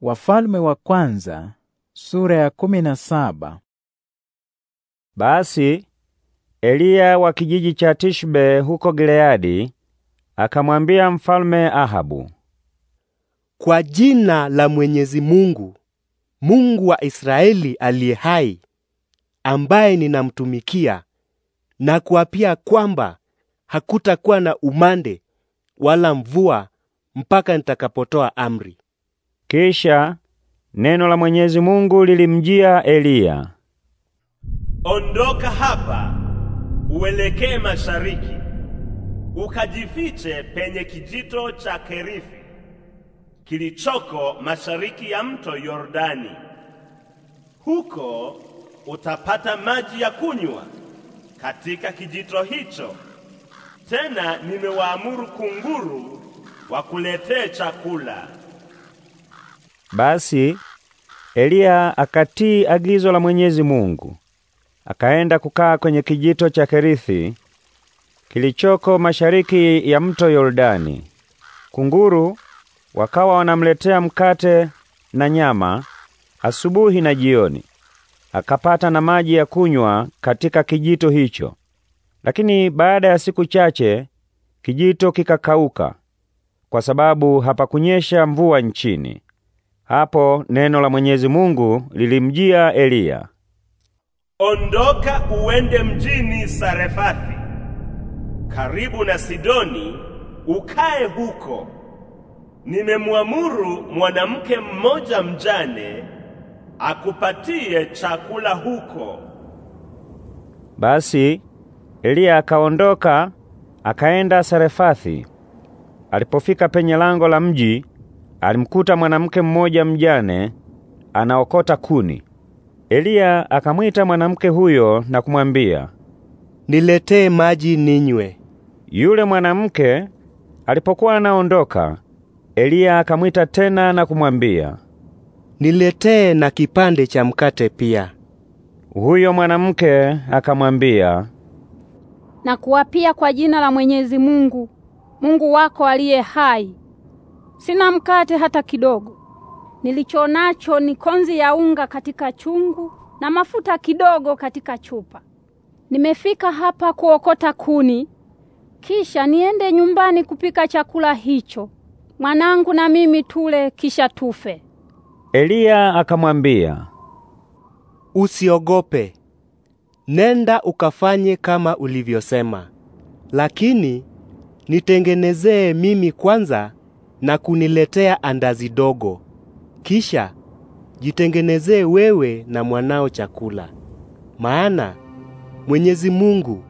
Wafalme wa kwanza sura ya kumi na saba. Basi Eliya wa kijiji cha Tishbe huko Gileadi akamwambia mfalme Ahabu, kwa jina la Mwenyezi Mungu, Mungu wa Israeli aliye hai, ambaye ninamtumikia na kuapia kwamba hakutakuwa na umande wala mvua mpaka nitakapotoa amri. Kisha neno la Mwenyezi Mungu lilimjia Eliya, ondoka hapa uelekee mashariki, ukajifiche penye kijito cha Kerifi kilichoko mashariki ya mto Yordani. Huko utapata maji ya kunywa katika kijito hicho. Tena nimewaamuru kunguru wakuletee chakula. Basi Eliya akatii agizo la Mwenyezi Mungu, akaenda kukaa kwenye kijito cha Kerithi kilichoko mashariki ya mto Yordani. Kunguru wakawa wanamletea mkate na nyama asubuhi na jioni, akapata na maji ya kunywa katika kijito hicho. Lakini baada ya siku chache kijito kikakauka kwa sababu hapakunyesha mvua nchini. Hapo neno la Mwenyezi Mungu lilimjia Eliya, ondoka uende mjini Sarefathi karibu na Sidoni, ukae huko. Nimemwamuru mwanamke mmoja mjane akupatie chakula huko. Basi Eliya akaondoka akaenda Sarefathi. Alipofika penye lango la mji alimkuta mwanamke mmoja mjane anaokota kuni. Eliya akamwita mwanamke huyo na kumwambia, niletee maji ninywe. Yule mwanamke alipokuwa anaondoka, Eliya akamwita tena na kumwambia, niletee na kipande cha mkate pia. Huyo mwanamke akamwambia, nakuapia kwa jina la Mwenyezi Mungu, Mungu wako aliye hai, Sina mkate hata kidogo. Nilicho nacho ni konzi ya unga katika chungu na mafuta kidogo katika chupa. Nimefika hapa kuokota kuni, kisha niende nyumbani kupika chakula hicho. Mwanangu na mimi tule, kisha tufe. Eliya akamwambia, usiogope, nenda ukafanye kama ulivyosema, lakini nitengenezee mimi kwanza na kuniletea andazi dogo. Kisha jitengenezee wewe na mwanao chakula. Maana Mwenyezi Mungu,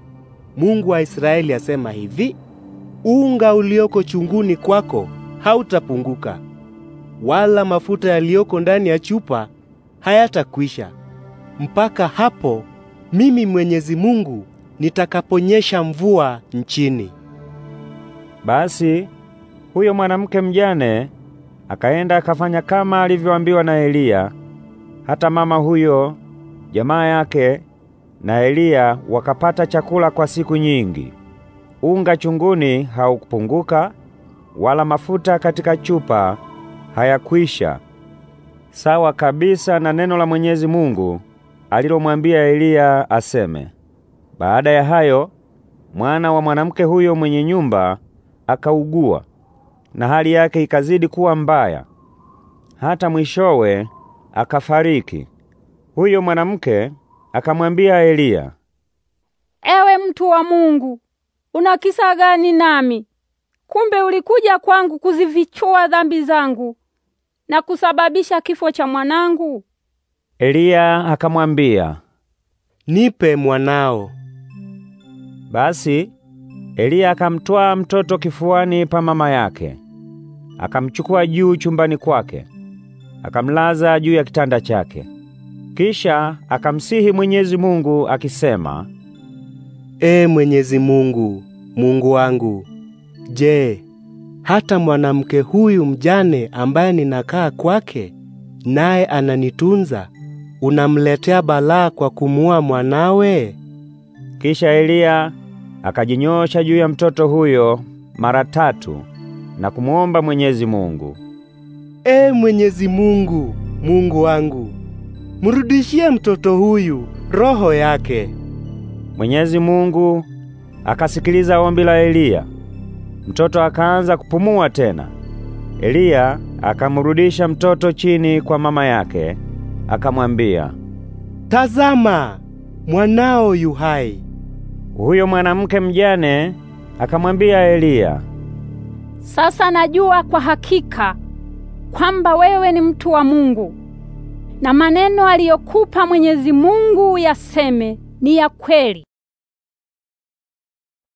Mungu wa Israeli asema hivi: unga ulioko chunguni kwako hautapunguka, wala mafuta yaliyoko ndani ya chupa hayatakwisha, mpaka hapo mimi Mwenyezi Mungu nitakaponyesha mvua nchini. Basi huyo mwanamke mjane akaenda akafanya kama alivyoambiwa na Eliya. Hata mama huyo jamaa yake na Eliya wakapata chakula kwa siku nyingi. Unga chunguni haukupunguka wala mafuta katika chupa hayakwisha, sawa kabisa na neno la Mwenyezi Mungu alilomwambia Eliya aseme. Baada ya hayo, mwana wa mwanamke huyo mwenye nyumba akaugua na hali yake ikazidi kuwa mbaya, hata mwishowe akafariki. Huyo mwanamke akamwambia Eliya, ewe mtu wa Mungu, una kisa gani nami? Kumbe ulikuja kwangu kuzivichua dhambi zangu na kusababisha kifo cha mwanangu. Eliya akamwambia, nipe mwanao. Basi Eliya akamtwaa mtoto kifuani pa mama yake, akamchukua juu chumbani kwake, akamlaza juu ya kitanda chake. Kisha akamsihi Mwenyezi Mungu akisema, E Mwenyezi Mungu, Mungu wangu, je, hata mwanamke huyu mjane ambaye ninakaa kwake naye ananitunza, unamletea balaa kwa kumua mwanawe? Kisha Eliya akajinyosha juu ya mtoto huyo mara tatu na kumuomba Mwenyezi Mungu. E Mwenyezi Mungu, Mungu wangu, murudishie mtoto huyu roho yake. Mwenyezi Mungu akasikiliza ombi la Eliya. Mtoto akaanza kupumua tena. Eliya akamrudisha mtoto chini kwa mama yake, akamwambia, Tazama, mwanao yu hai. Huyo mwanamke mjane akamwambia Eliya, sasa najua kwa hakika kwamba wewe ni mtu wa Mungu na maneno aliyokupa Mwenyezi Mungu yaseme ni ya kweli.